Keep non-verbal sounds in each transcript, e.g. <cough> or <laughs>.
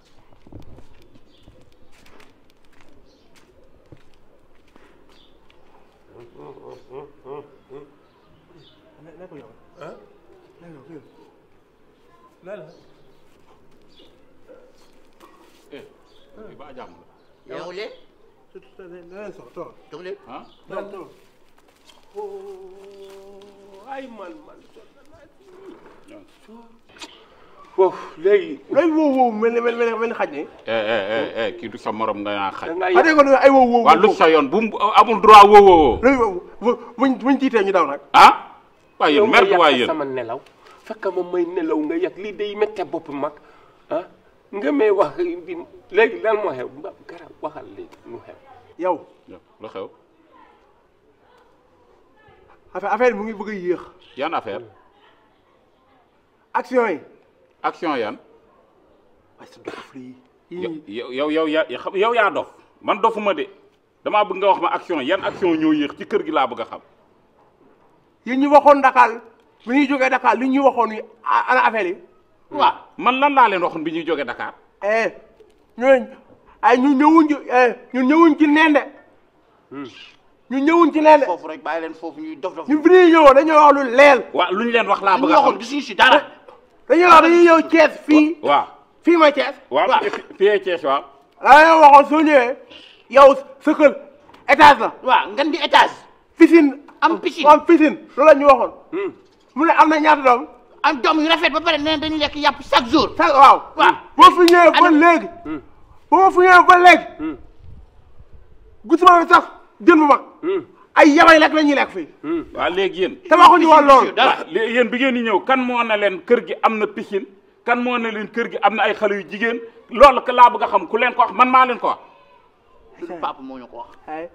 that's fine. foofu léegi léegi woowu woowu mel ni mel ni mel xaj ne. Eh, eh, eh, kii du sa morom da ngaa xaj. da ngaa yéex ay woowu lu sa yoon bu amul droit woowu. léegi buñ buñ tiitee ñu daw nag. ah waaye yéen mer waaye yéen sama nelaw fekk moom may nelaw nga yàgg lii day méttee bopp mag ah nga may wax affaire affaire mu ngi bëgg a yéex. yan affaire. action yi. action yan. yow yow yaa yow yaa dof man dofuma de damaa bëgg nga wax ma action yan action ñoo yéex ci kër gi laa bëgg a xam. yi ñu waxoon Dakar bi ñuy jógee Dakar li ñu waxoon yi ana affaire yi. waaw man lan laa leen waxoon bi ñuy joge Dakar. Eh, ñooñu ñu ñëwuñ ci eh, ñu ñëwuñ ci neen de. Hmm. ñu ñëwuñ ci neen de foofu rek bàyyi leen foofu ñuy ñu fi ñuy ñëwoon dañoo wax lu leel. waaw lu ñu leen wax laa bëgg a xam li ñu si dara. dañuy wax dañuy ñëw Thiès fii. waaw fii mooy Thiès. waaw fii Thiès waaw. la nga waxoon soo ñëwee yow sa kër étage la. waaw ngan di étage. piscine am piscine am piscine loolu la ñu waxoon. Hmm. mu ne am na ñaata doom. am doom yu rafet ba pare nee dañu lekk yàpp chaque jour. chaque waaw. waaw hmm. boo fi ñëwee ba léegi. boo fi ñëwee ba léegi. gisuma bi sax jën bu mag. Hmm. ay yabay lekk la ñuy lekk fii. Hmm, waa léegi yéen. ko waxuñu woon loolu. léegi yéen bi ngeen di ñëw kan moo na leen kër gi am na piscine kan moo na leen kër gi am na ay xale yu jigéen loolu que laa bëgg xam ku leen ko wax man maa leen ko wax. moo ñu ko wax.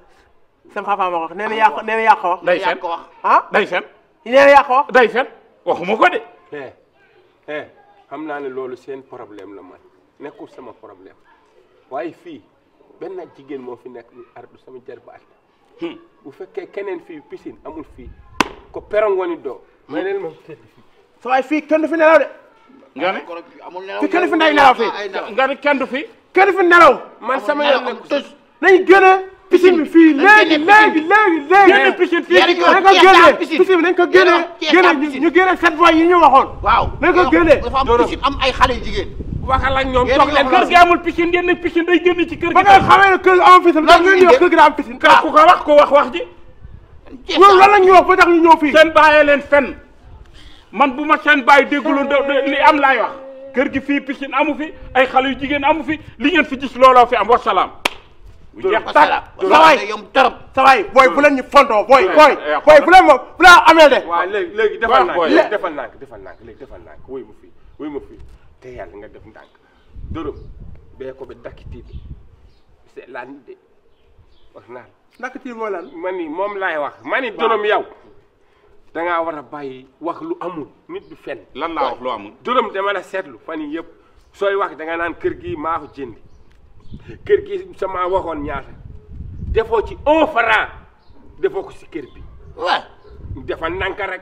sama papa moo yaa ko nee na yaa ko wax. day fen ah? day fen. nee yaa ko wax day fen waxuma ko de. eh eh naa ne loolu seen problème la man nekkul sama problème waaye fii benn jigéen moo fi nekk ardu sama jarbaat Hmm. bu fekkee keneen fii piscine amul fi ko perong woni doo may hmm. leen ma tëdd fii sa waay fii kenn du fi nelaw de nga ne fi kenn du fi nday nelaw fii nga ne kenn fi kenn du fi nelaw man sama yoon nekk tos nañ gën a piscine bi fii léegi léegi léegi léegi génne piscine fii nañ ko génne piscine bi ñu yi ñu waxoon waaw nañ ko génne dafa am piscine am ay xale yu jigéen waxal ak ñoom toog leen kër gi amul piscine ngeen ne piscine day génn ci kër gi. ba nga xamee ne kër gi am piscine lan ngeen di kër gi daa am piscine. ah ku ko wax ko wax wax ji. loolu lan la ñuy wax ba tax ñu ñëw fii. seen bàyyee leen fen man bu ma seen bàyyi dégguloon li am laay wax kër gi fii piscine amu fi ay xale yu jigéen amu fi li ngeen fi gis looloo fi am wasalaam. jeex tàkk sawaay sawaay booy bu leen ñu fontoo booy booy booy bu leen moom bu laa amee de. waaw léegi léegi defal naa defal naa defal naa léegi defal naa wuy ma fii fii te yàlla nga def ndànk dërëm bee ko bi dakkitiir c'est la nit de wax naa dakkitiir ma ni moom laay wax ma ni dërëm yow danga war a bàyyi wax lu amul nit du fen lan laa wax lu amul dërëm dama la seetlu fan yii yëpp sooy wax danga naan kër gi maa ko jënd kër gi sama waxoon ñaata defoo ci un franc defoo ko si kër bi waaw defal nanka rek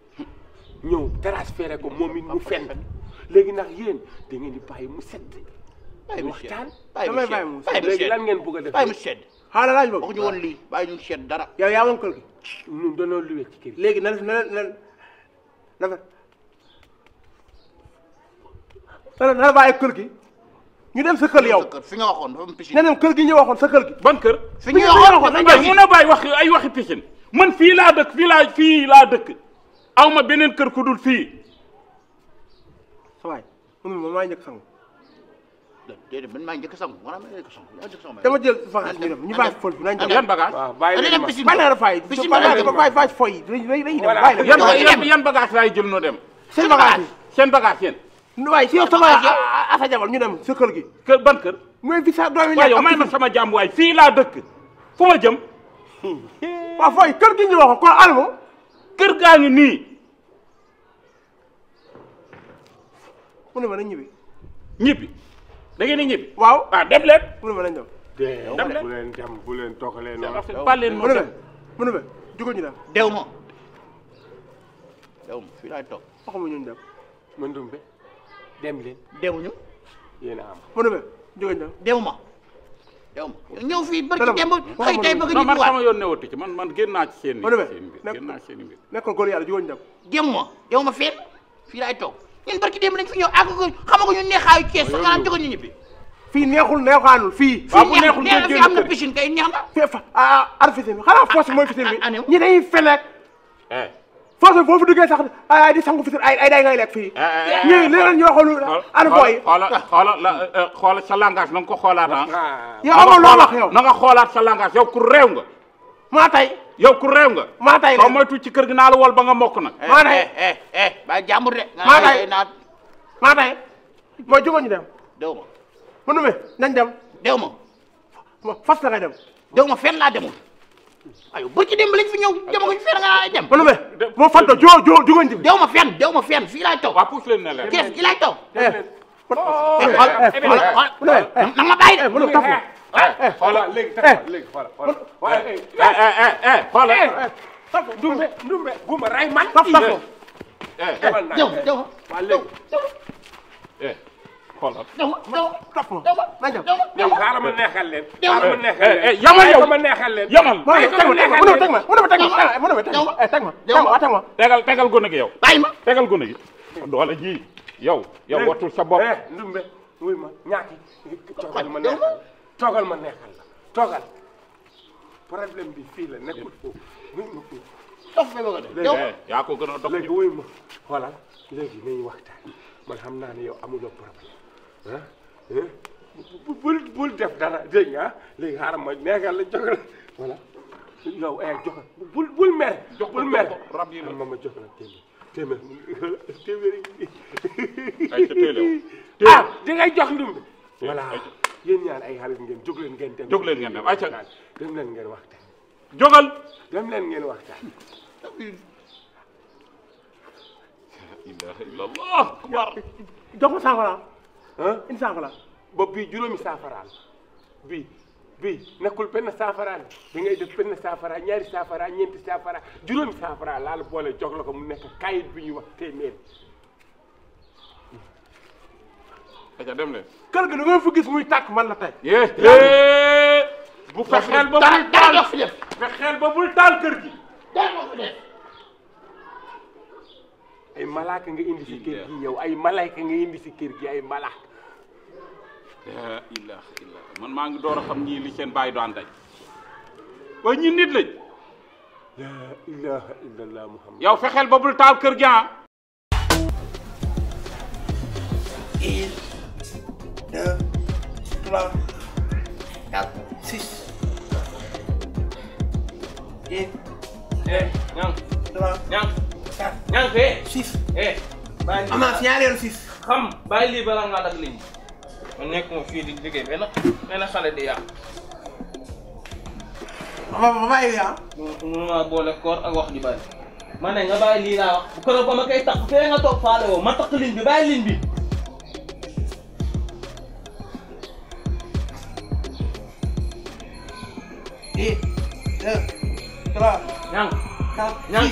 ñëw transféré ko moom it mu fenn léegi nag yéen da ngeen di bàyyi mu sedd. bàyyi mu sedd bàyyi mu sedd léegi lan ngeen bëgg def bàyyi mu sedd. xaaral laaj boobu waxuñu woon lii bàyyi ñu sedd dara. yow yaa moom kër gi. ñun dañoo luwee ci kër gi. léegi na na na na na bàyyi kër gi. ñu dem sa kër yow fi nga waxoon dafa am piscine. nee na kër gi ñu waxoon sa kër gi. kër. fi ñu waxoon dañu bàyyi mun a bàyyi wax ay waxi piscine man fii laa dëkk fii laa fii laa dëkk aw ma beneen kër ku dul fii. waaye moom moom maa njëkk sangu. déedéet man maa njëkk sangu maa njëkk sangu. dama jël bagage ñu dem ñu bàyyi fol bi. yan bagage waaw bàyyi leen ma bàyyi la fay. bàyyi la yan yan yan bagage laay jël noo dem. seen bagage seen bagage yéen. waaye si yow sama asa jabar ñu dem sa kër gi. kër ban kër. mooy fi sa doom yi nekk yow may ma sama jàmm waay fii laa dëkk fu ma jëm. <laughs> waaw fooy kër gi ñu wax ko almo kër gaa ngi nii mu ne ma na ñibbi ñibbi da ngeen ñibbi waaw ah dem leen mu ne ma nañ dem dem leen bu leen dem bu leen toogalee noonu bal leen mu ne ma mu ne ma dew ma dew ma fii laay toog waxuma ñun dem man dumbe dem leen dew ñu yéen a ñu dem dew ma yow ñëw fii barki démb xëy tey bëgg ñu waat sama yoon newatu ci man man génn naa ci seen mbir génn naa ci seen mbir nekkul góor yàlla jigéen dem dem ma yow ma fenn fii laay toog ñun barki démb dañ fi ñëw ak ko xamagu ñu neexaayu Cees sax nga jóge ñu ñibbi fii neexul neexaanul fii fii ah, neexul neex fi am na piscine kay neex na fi ah, ah, arfisine xanaa foos mooy piscine bi ñi dañuy feleek eh. force boo fi duggee sax ay di sangu ay day ngay lekk fii. Eh, eh, eh, ñu li leen ñu waxoon. ana booy xoola xoola la sa langage na ko xoolaat ah. ah. yow amoon loo wax yow. na nga xoolaat sa langage yow ku réew nga. maa tay. yow ku nga. maa tay de soo moytu ci kër gi naa la wol ba nga mokk nag. maa ba jàmbur de. maa tay maa tay dem. dew ma. mu numee dem. dew ma. fas la ngay dem. dew ma fenn laa demul. ayo ba ci démb lañ fi ñëw demaguñ fenn nga naa dem. wala mais moo fàttali joo joo juguñ ji. dew ma fenn dew ma fenn fii laay toog. waaw pousse leen ne la kees gi laay toog. na de. voilà léegi taxaw léegi voilà voilà. ndumbe ndumbe gumba ray xoolal. daw daw daw daw ma daw ma daw ma xaaral ma neexal leen. xaaral ma neexal leen eh, eh, yamal yow ma neexal leen. yamal eh, mënoo teg ma mënoo teg ma mënoo ma teg ma teg ma teg ma teg ma. tegal tegal gone gi yow. bàyyi ma tegal gone gi. doole ji yow. yow wattul sa bopp. ndumbe wuy ma ñaaki toogal ma neexal toogal ma neexal la toogal problème bi fii la nekkul foofu dof bi ma ko def. yaa ko gën a dof léegi wuy ma voilà léegi nañu waxtaan man xam naa ne yow amuloo problème. bul bul def dara dégg nga léegi xaaral ma nekkal la jox la voilà yow eh jox bul bul mer bul mer rab yi ma ma jox la téeméer téeméer téeméer ay ca téeléew ah di ngay jox ndum bi voilà yéen ñaar ay xarit ngeen jóg leen ngeen dem jóg leen ngeen dem ay ca dem leen ngeen waxtaan jógal dem leen ngeen waxtaan ilaha illallah akbar jox ko saafara une saafara boobu bii juróomi saafaraan bii bii nekkul benn saafaraan bi ngay def benn saafara ñaari saafara ñeenti saafara juróomi saafara laal boole jox la ko mu nekk kayit bi ñuy wax téeméer. dem leen. kër gi da nga fi gis muy tàkk man na tey. bu fexeel ba bul taal fexeel ba bul taal kër ay malaaka nga indi si kër gi yow ay malaaka nga indi si kër gi ay malaaka la ilaha illa man maa ngi door a xam ñii li seen bàyyi daan daj waaye ñi nit lañ kër gi ah. ñanké sif eh bañ ama fi ñaareelu sif xam bàyyi lii bala ngaa dag liñ ma nekk ma fii di liggéey benn benn xale di yàq ya mu ma boole koor ak wax di bari ma ne eh, nga bàyyi lii laa wax bu keroog ba ma koy takk fee nga toog faale woo ma takk liñ bi bàyyi liñ bi Et, deux, trois, quatre, quatre,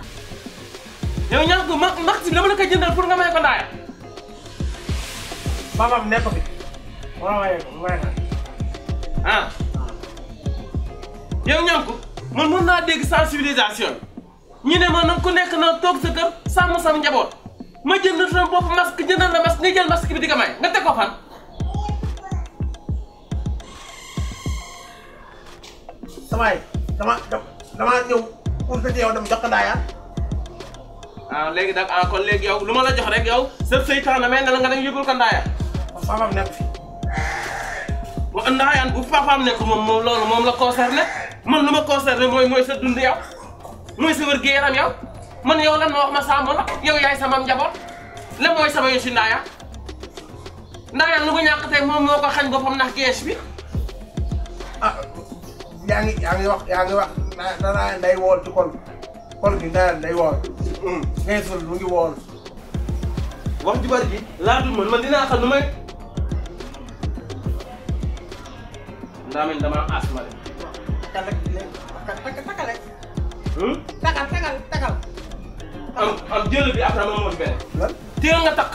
yow ñaan ko ma maxime dama la koy jëndal pour nga may ko ndaaya. papaam nekk fi wala waaye ko mu may ko. ah yow ñaan ko man mën naa dégg sensibilisation ñu ne ma nag ku nekk na toog sa kër sàmm sama njaboot ma jënd sama bopp masque jëndal la masque nga jël bi di may nga teg ko fan. sama dama dama ñëw pour que yow dem jox ko ndaaya waaw ah, léegi nag ah kon léegi yow lu ma la jox rek yow sa seytaane mais ne la nga dem yëgul ko ndaaya. papaam nekk fi. wa ndaayaan bu papaam nekk moom moom loolu moom la concerné man lu ma concerné mooy mooy sa dund yow mooy sa wér gu yaram man yow lan ma wax ma sàmm la yow yaay sama njaboot la mooy sama yëngu si ndaayaan ndaayaan lu ko ñàkk tey moom moo ko xañ boppam ndax gees bi ah yaa ngi yaa ngi wax yaa ngi wax naa naa day wool ci kon. xol gi la day woor. Mm. ngay mu ngi woor. wax ju bari ji laatul man man dinaa xam nu may. ndaa mel damaa asma de. tagal tagal tagal. Hmm? tagal tagal tagal. am am jël bi après moom mooy benn. lan teel nga takk.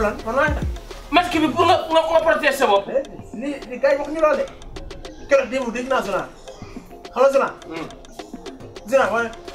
lan man maa ngi takk. masque bi pour nga nga nga protéger sa bopp. Eh, li li gars yi waxuñu loolu de. keroog démb dégg naa Zina xam nga Zina. Hmm. Zina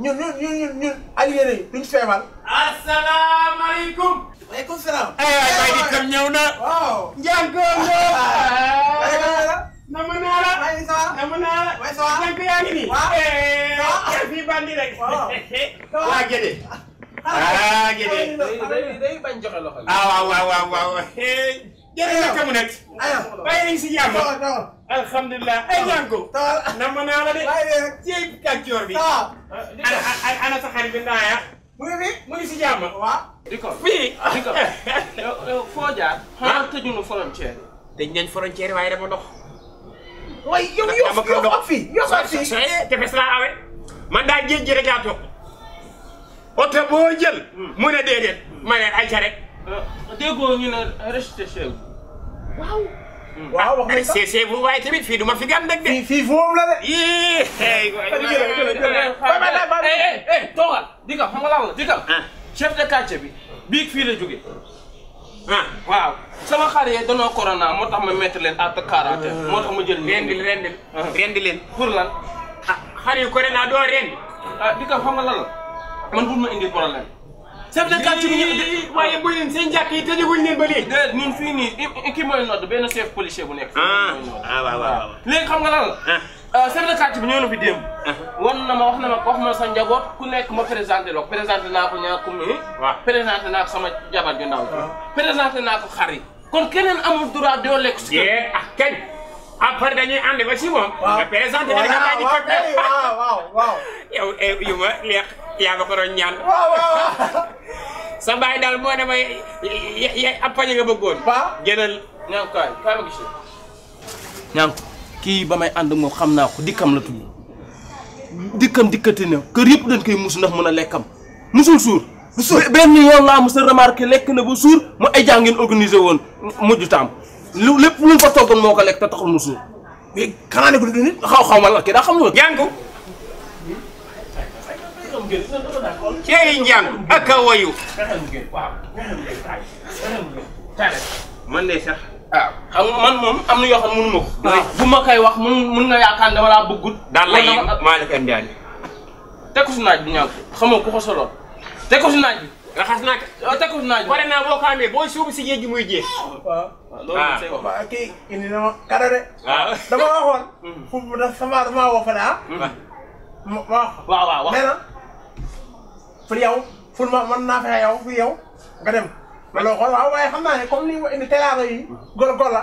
ñun ñun ñun ñun ñun allié yi duñ feebal. asalaamaaleykum. waaleykum waalaikumsalam. ay bay di kam ñëw na. waaw. njàngoo ñëw. nama naa la. waay sa waay nama naa la. waay sa waay njàng ngi nii. waaw waaw bandi rek. waaw waa Gédé. ah Gédé. day bañ joxe loxo. ah waaw waaw waaw waaw jërëjëf ka mu si ay yango eh, nama la de. bi. ana ana sa xarit bi ndaya mu ni mu ni si jàmm. waaw. diko ko fii di ko foo jaar. ah tëjuñu dañ nañ frontière waye dama dox. way yow yoo yoo xam fii yoo xam te tefes la awé man da jël. mu ne mané ay Ah, déggoo ñu ne resté chez vous. waaw. Hmm. waaw wax nañ waaye tamit fii du ma fi gan nag de. fii fii foofu la de. yii. Eh, eh, eh, toogal di ko la di ko. Ah. chef de bi bii fii la jógee. ah waaw sama xar yee danoo corona moo tax ma mettre leen àtte quarantaine ah. moo tax ma jël rendil rendil rendi leen pour lan ah xar yu corona doo rendi ah di la man bul ma indi problème chef de quartier bi waaye bu leen seen jàkk yi fii nii kii mooy nodd benn chef policier bu nekk. ah, ah waaw waaw léegi xam nga lan la. chef de quartier bi ñëw na fi démb. Ah. sa njaboot ku nekk ma présenté la ko présenté naa ko ñaar kum yi. waaw naa ko sama jabar ju ndaw. Ah. présenté naa ko xar kon keneen amul droit doo lekk si. yee ah kañ. après dañuy ànd ba si moom. waaw nga présenté nga damaa di toog. waaw waaw waaw <laughs> yow eh, ma leex yaa nga ko doon ñaan. <laughs> sa baay daal moo ne ma ya appañe nga bëggoon. paa gënal ña kii ba may ànd moom xam naa ko dikkam la tudd dikkam dikkati na kër yëpp dañ koy mus ndax mën a lekkam musul suur. bu suur benn yoon laa mos a remarqué lekk na ba suur mu ay jàngeen organisé woon mujj taam lu lépp lu mu fa toggoon moo ko lekk te taxul mu suur mais ko nit xaw xaw ma la kii daa xam nga. jàngu. cey njàng ak a wayu man de sax ah, xam nga man moom am na yoo xam mënu ma ko ah. ma koy wax mun mun nga yaakaar dama laa bëggut daal la yi Malick Ndiaye teg ko si naaj bi ñaaw xamoo ku ko solo teg naaj bi raxas naa ko ah, teg naaj bi naa boo ko amee boo si géej gi muy jeex waaw loolu say <laughs> mm-hmm. wax waaw kii indi dama waxoon wax wax pour yow pour ma mën naa fexe yow pour yow nga dem ma loo waaw waaye xam naa ne comme ni ma yi gor gor la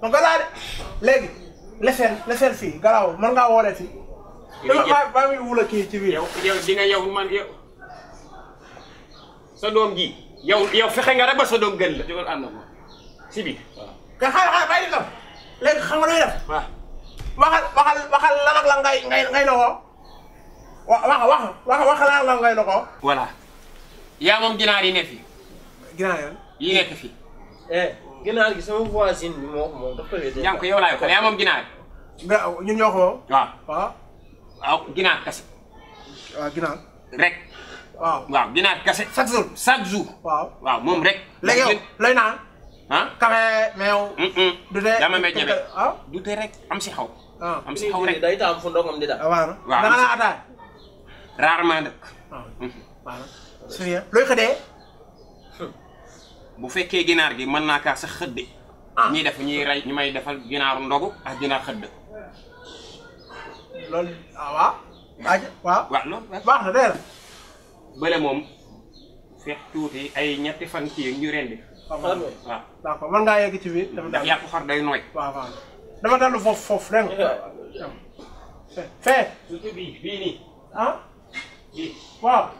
ma gor laa de léegi leseel leseel fii garaaw mën ngaa woole fii ba ba muy yow nga yow man doom ji yow fexe nga rek ba sa doom gën la jógal ànd xaar xaar bàyyi di léegi xam nga luy def waxal waxal waxal lan la ngay ngay ngay wa wax wax wax waxalaat la ngay doxoo. voilà yaa moom ginaar yi ne fi. ginaar yi yi nekk fi. eh ginaar gi sama voisine bi moo moom dafa koy. yaa ngi ko yow laa yokkal yaa moom ginaar. nga ñun ñoo ko. waaw waaw. Ah. waaw ginaar kese. waaw ah, ginaar. rek. waaw waaw ginaar kese. chaque jour chaque jour. waaw waaw moom rek. léegi yow lay naan. ah kafe meew. du dee daa ma may ñebe du dee rek am si xaw. Ah. am si xaw rek day taam fu ndoxam di daal. waaw waaw da nga naan ataaya. rarement dëkk. waaw su xëddee. bu fekkee ginaar gi mën naa kaa sax xëdd ah. ñuy def ñuy may defal ginaaru ndogu ak ginaar xëdd. loolu ah, na moom feex tuuti ay ñetti fan kii ñu rendi. Ah, waaw d'accord mën dafa daal yàpp xar day nooy. dama dalu foofu foofu dégg <laughs> fee. waaw.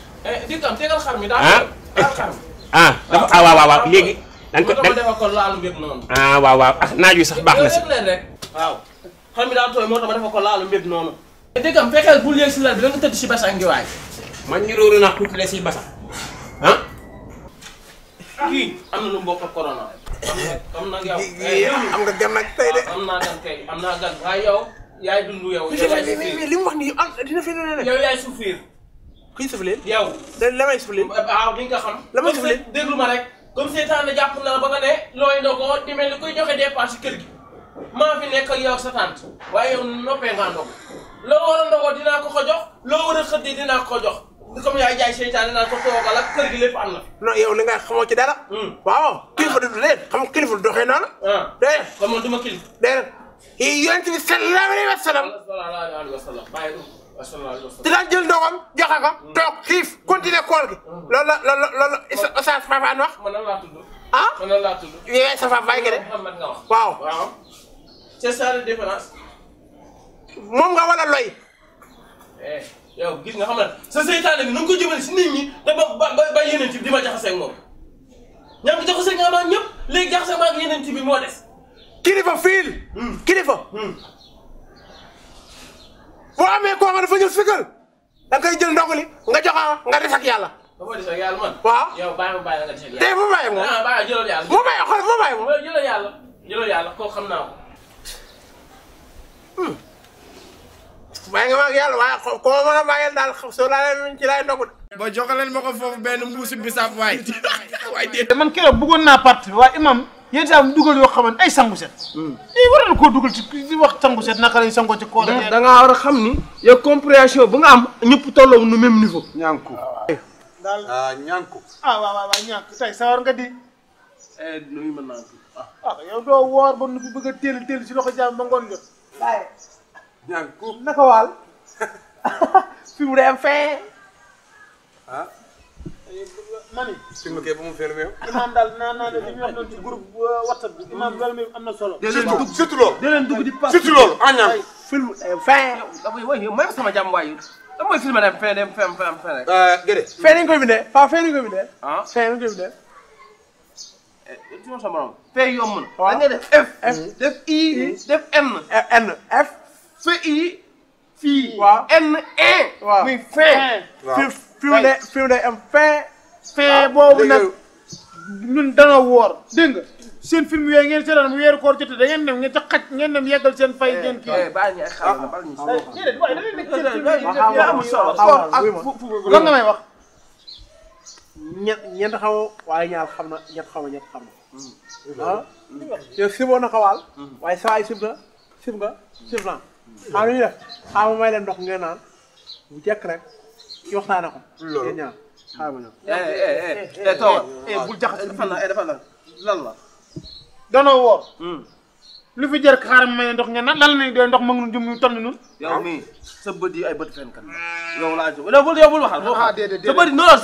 Dikkam eh, tegal xar mi daal. ah dafa <laughs> ah, ah, ah waaw waaw léegi. dañ ko dañ ko laalu ah waaw ah naaj wi sax baax na si. rek waaw. xar mi daal tooy moo tax ma ko laalu mbir noonu. Eh, Dikkam fexeel bul yëg si lal bi da nga tëdd si basan gi waay. man niróoru naa tuuti la si basan. ah. kii am na lu mbokk na yow nga gan nag de. Ah, am naa gan tey am naa gan waaye yow. yaay dund yow. li mu wax nii dina fi ne yow kuy sëfleel. yow te la may sëfleel. di nga xam. la may sëfleel déglu ma rek. comme seetaan na jàpp na ba nga ne looy na ko di mel ni kuy joxe dépense kër gi maa fi nekk ak yow ak sa tante waaye yow noppee ngaa ndog loo war a ndogoo dinaa ko ko jox loo war a xëddi dinaa ko ko jox comme yaay jaay seytaane naan ko toogal ak kër gi lépp am na. non yow li nga xamoo ci dara. Hmm. waaw kilifa du leen xam kilifa du doxee noonu. Ah. déedéet kon man du ma kilifa. déedéet yonent bi sallallahu alayhi wa sallam. sallallahu alayhi di daan jël ndoxam joxe ko toog xiif continuer koor gi. loolu la loolu la loolu la Oustaz Fafane wax. man nan laa tudd. ah man nan laa tudd. yéen sa Fafane de. waaw moom nga wala loy. Eh, gis nga xam ne sa seytaane bi na ko jëmale si nit ñi te ba ba yeneen ci bi di ma jaxasee ak moom ña nga jaxasee ak ñaamaat ñëpp léegi jaxasee yeneen ci bi moo des. kilifa fiil. Hmm. kilifa. Hmm. boo amee koo xam dafa ñëw fikkal da nga koy jël nga joxa nga def yàlla. ba ma des ak yàlla man. waaw yow la nga des ak yàlla. tey moom ah, yàlla. mu bàyyi xool mu bàyyi moom. jëloon yàlla koo xam naa ko. Hmm. bàyyi nga ma yàlla waaye koo mën a bàyyil daal soo laalee ci laay ndogu de. ba joxaleel mako fofu ben mbusu bisap way <laughs> way de man kero bugon na part wa imam yéen saa dugal yo xamane ay sangu set ni hmm. waral ko dugal ci di wax sangu set naka lay sangoo ci koor da nga wara a xam ni compréhension bu nga am ñepp tolloo nu même niveau ñanku dal ah ñanku ah wa wa ñanku ñànku sa war nga di eh, nuyu ma nànku ah. ah yow do wor ba nu bëgg a téel ci loxo jaam ba ngon jot waaye naka wal <laughs> fi mu dem fee ah. mami. suñu kii ba mu fee yow. imaam daal naan naa ne li ñu wax noonu ci groupe euh, WhatsApp bi. imaam loolu am na solo. surtout surtout loolu. di leen dugg di pass surtout loolu en ñaan. film fin. mooy sama jàmm waay lan mooy film nag fin dem fin fin fin rek. gërëm. Euh, fin nañu ko bindee Paa fin nañu ko bindee. ah fin nañu ko bindee. tu eh, ma soxla moom. fin yomb na. waaw da nga def F. F def I. def N. N F. fi I. fii. waaw n in. E. waaw muy fin. waaw fiw day fiw day am fin. fin boobu nag ñun dana woor dégg nga. seen film yooyu ngeen seetaan mu weeru koor jotee da ngeen dem ngeen ca xaj ngeen dem yeggal seen fay ngeen kii. Eh, eh, baal ñu ay xale la baal ñu lan nga may wax. ñett ñeent xaw waaye ñaar xam na ñett xaw ma ñett xam na. Hmm. ah hmm. yow siboo na xawaal. Hmm. waaye saa yi sib na sib nga sib naa. xam nañu def may leen ndox ngeen naan bu jekk rek ci waxtaane ko. loolu ngeen ñaan xaaral ma ñëw. eh eh eh, eh, eh, eh toogal. bul jaxase dafa la dafa la lan la. lu fi jar xaaral ma ndox ngeen naan lan lañuy doon ndox ma ngi jëm ñu toll noonu. yow mii sa bët yi ay bët fenn kan ah. yow laa jóg yow bul yow bul waxal. ah déedéet sa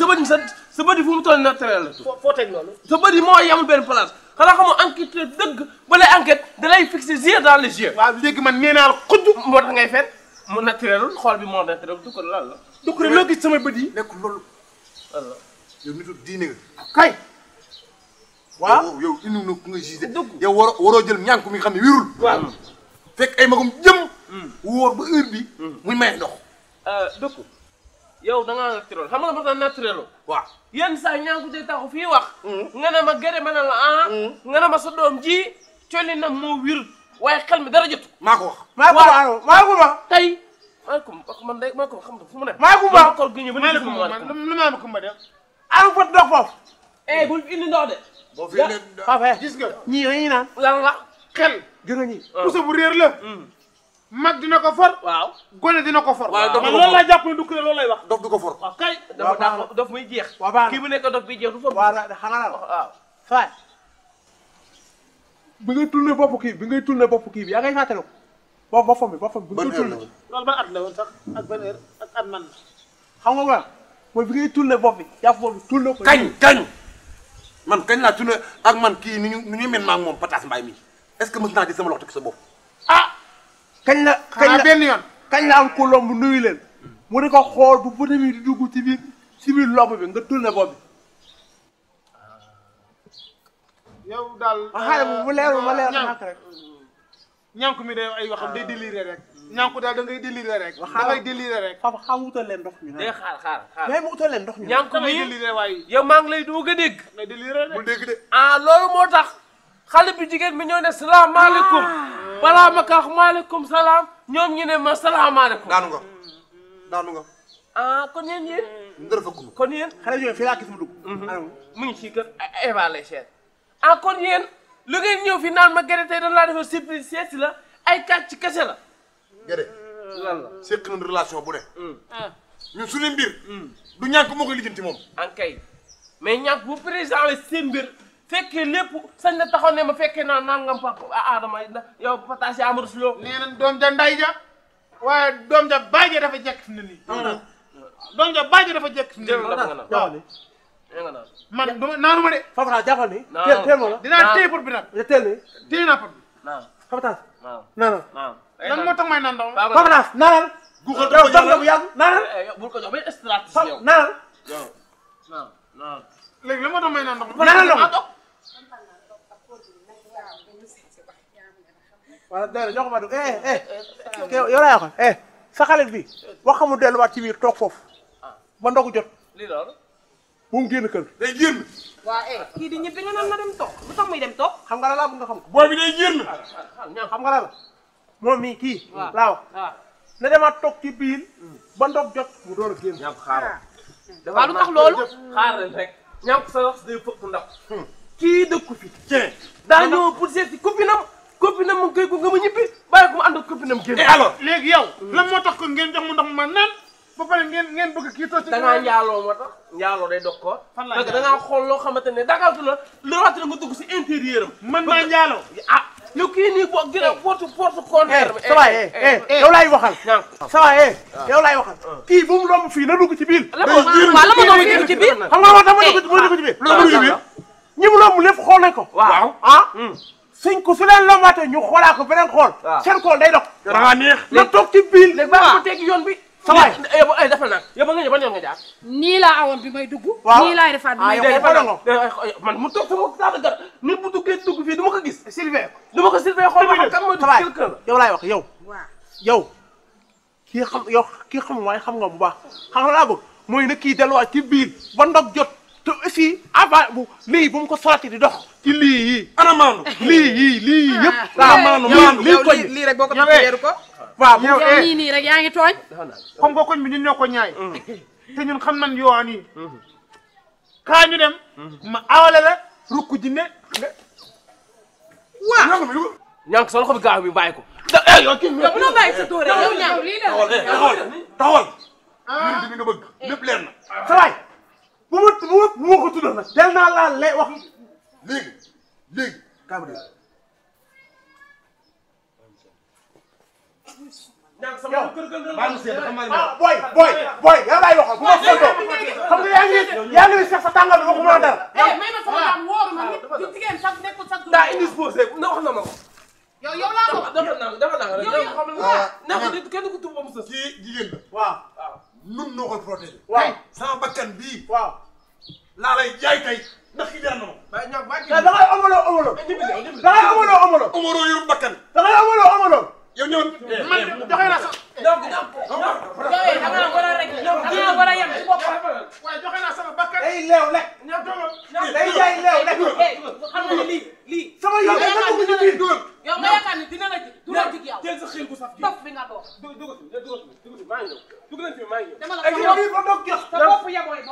bët yi sa bët yi sa sa bët fu mu toll naturel la. foo foo moo yemul benn place xanaa xamoo enquête dëgg ba lay enquête da lay fixer yeux dans les yeux. léegi man nee naa la xujj. moo tax ngay fekk mu naturel xool bi moo naturel du ko lan la. du ko loo gis sama bët yi. nekku loolu. yow diine kay. waaw oh, yow indi na ku nga gisee. dëgg yow waroo waroo jël ñànku mi nga xam ne wirul. waaw mm. fekk ay magum jëm. Mm. wóor ba heure bi mm. muy may ndox. Euh, dëkku yow da ngaa naturel xam nga dafa naturel. waaw yenn saa ñànku day taxu fii wax. nga ne ma gërëm ma ne la ah. nga ma sa doom ji colli na moo wir waaye xel mi dara jot. maa ko wax maa ko wax maa ko wax lu ma ma def. alu fa dox foofu. eh bul ini ndox de. boo fi leen gis nga ñii dañuy naan lan xel gis nga ñii bu réer la hmm. mag dina ko for waaw gone dina ko for waaw man loolu jàpp ne du kuréel loolu lay wax dof du ko for kay dof muy jeex kii bu nekk dof bi jeex du for waaw xanaa waaw faay bi ngay tourné bopp kii bi ngay tourné bopp kii bi yaa ngay fàttaliku boobu bi boppam bi ngay tourné loolu ban at la woon sax at man la xam nga mooy bi ngay tourné bopp bi yaa fa boobu tourné ko kañ kañ man kañ laa tuna ak man kii ni ñu ni ñu moom pataas mbaay mi est-ce que mës naa gis sama loxo teg sa bopp. ah. kañ la kañ la benn yoon. kañ la am ku lomb nuyu leen. mu ne ko xool bu bëri di dugg ci biir ci biir lomb bi nga tourné bopp bi. yow daal. Euh, mi day ay waxam day déliré rek. ñaan ko daal da ngay déliré rek. da ngay déliré rek. papa xaar mu utal leen ndox mi. day xaar xaar xaar yaay mu utal leen ndox mi. ñaan ko mi déliré waaye. yow maa ngi lay doog a dégg. nga déliré rek bul dégg de. ah loolu moo tax xale bi jigéen bi ñoo ne salaamaaleykum. Ah. balaa ma kaax maaleykum salaam ñoom ñu ne ma salaamaaleykum. daanu nga daanu nga. ah kon yéen yéen. dara fekk kon yéen. xale yooyu fii laa gis mu dugg. Mhm. alors mu ngi ci kër eh, Eva lay seet. ah kon yéen lu ngeen ñëw fi naan ma gerte tey dañ laa defal surprise seet si la ay kàcc kese la gërëm. lan la seq nañ relation bu ne. Hmm. Ah. ñun su mbir. Hmm. du ñàkk moo koy i moom. en kay mais ñàkk bu président la seen mbir fekkee lépp sañ na taxaw ne ma fekkee naa nangam papa ah, Adama yow Fatassi Amadou Sula. nee nañ doom ja nday ja waaye doom ja baay ja dafa jekk fi mu ne nii. doom ja baay ja dafa jekk fi mu ne nii. man du ma naanu ma de. Fapal jàppal ni. teel teel ma la dinaa téye pot bi nag. teel ni téye naa pot bi. naam Fapal. lan moo tax may naan doom. Pamelaas naanal. guuxal ko jox la bu yàgg naanal. Eh, eh, bul ko jox ba stratégie yow naanal. waaw waaw. léegi lan moo tax may naan doom. naanal doom. Ah, wala déedéet jox ko ma dugg eh eh. yow laa waxoon eh sa xalit bi wax xamul delluwaat ci biir toog foofu ah. ba ndogu jot. lii loolu. bu mu génn kër day génn. waa eh kii di ñibbi nga naan na dem toog lu tax muy dem toog. xam nga la laa bëgg nga xam ko. booy bi day génn. Ah, xam nga la la. moom mii kii. laaw na demaat toog ci biir ba ndox jot mu door a génn. ñam xaaral ah. dafa lu tax loolu. xaaral rek ñam sa wax day fëkk ndax. Hmm. kii dëkku fi. tiens daa ñëw pour seet si copinam copinam mu ngi koy gunge ma ñibbi bàyyi ko mu ànd ak copinam génn. Eh, alors léegi yow. Hmm. lan moo tax ko ngeen jox mu ndox ma naan. ba pare ngeen ngeen bëgg kii too ci. da ngaa njaaloo moo tax njaaloo day dog ko. fan laa njaaloo da ngaa xool loo xamante ne daggaltu la. rawatina nga dugg si intérieur am. mën naa njaaloo ah. yow kii nii boo gën a porte eh. porte contraire bi. saa eh, yi eh, yow laay waxal. saa yi ah. yow laay waxal. Ah. kii bu mu fii na dugg ci biir. la ma dugg ci biir xam nga ma dama dugg ci biir. loolu ci biir ñi mu romb lépp xool nañ ko. waaw ah. Hmm. Hmm. suñ ko su leen lombaatee ñu xoolaat ko beneen xool. waaw seen xool day dox. waaw ci biir. léegi ba ah. mu teg yoon bi. sawaay yow ay eh, defal naa yow ba nga ñëw nga jaar. nii laa awoon bi may dugg. waaw nii laay defaat bi may ah, dugg eh, eh, man mu toog sama saata gar nit du ma ko gis. du ma ko xool ma kan ma dugg kër yow laay wax yow. waaw yow kii xam yow xam nga bu baax xam nga laa bëgg mooy na kii delluwaat ci biir ba ndog jot te aussi avant bu lii bu ko sorati di dox. ci li yii ana maanu. lii yii lii yëpp. Ah. lii lii rek boo ko ko. waaw yow eh nii nii yaa ngi tooñ. xam nga koñ bi ñu ñoo ko ñaay. Mm-hmm. te ñun xam nañ yoon yi. Mm-hmm. kaa ñu dem. Mm-hmm. ma awale la rukk ji ne nga. waaw ñànk sa loxo bi gaaw bi ko. da eh, yow kii eh, ah. mi nga bëgg eh. lépp leer na. sa waay bu ma bu ko tuddoon nag. naa laa lay wax léegi yow Baalu Seye xam naa ah booy booy booy yow laay waxoon bu ma fontoo xam nga yaa ngi yaa ngi sax sa tàngoor bi waxuma dara. Eh, may ma sama daan wóoru ma nit jigéen ma ko. nga waaw ku tuub ba mu sës. kii jigéen la. waaw waaw ah, nun noo koy sama bakkan bii. waaw jaay tey ndax ki jar na ma. waaye ñoom da omolo omolo. da ngay omolo omolo. omolo yor bakkan. da omolo omolo. yow ñëwoon eh, man eh, joxe naa sax. donc donc yooyu da ngaa war a rek da ngaa war a yem ci boppam. waaye joxe naa sama bakkan. day leew lekk. ñoo doon day jaay leew lekk. Eh, xam nga ni lii lii. sama yoon nga ko ci biir dóor. yow nga yaakaar ni dina la ji du la jig yow. jël sa xel bu saf gi topp bi nga doon. dugg dugg dugg maa ngi ñëw dugg nañ fi maa ngi ñëw. dama la ko wax sa bopp yaboo yi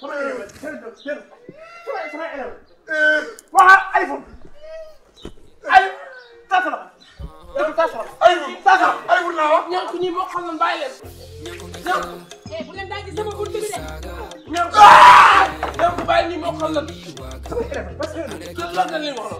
sama élève sama élève sama élève waxal iPhone ay tas la dafa tas la iPhone tas la iPhone laa wax ñaan ku ñuy moo xam na bàyyi leen ñaan eh bu leen daa gis sama buntu bi de ñaan ko ñaan ko bàyyi ñuy moo xam na sama élève parce que loolu la leen wax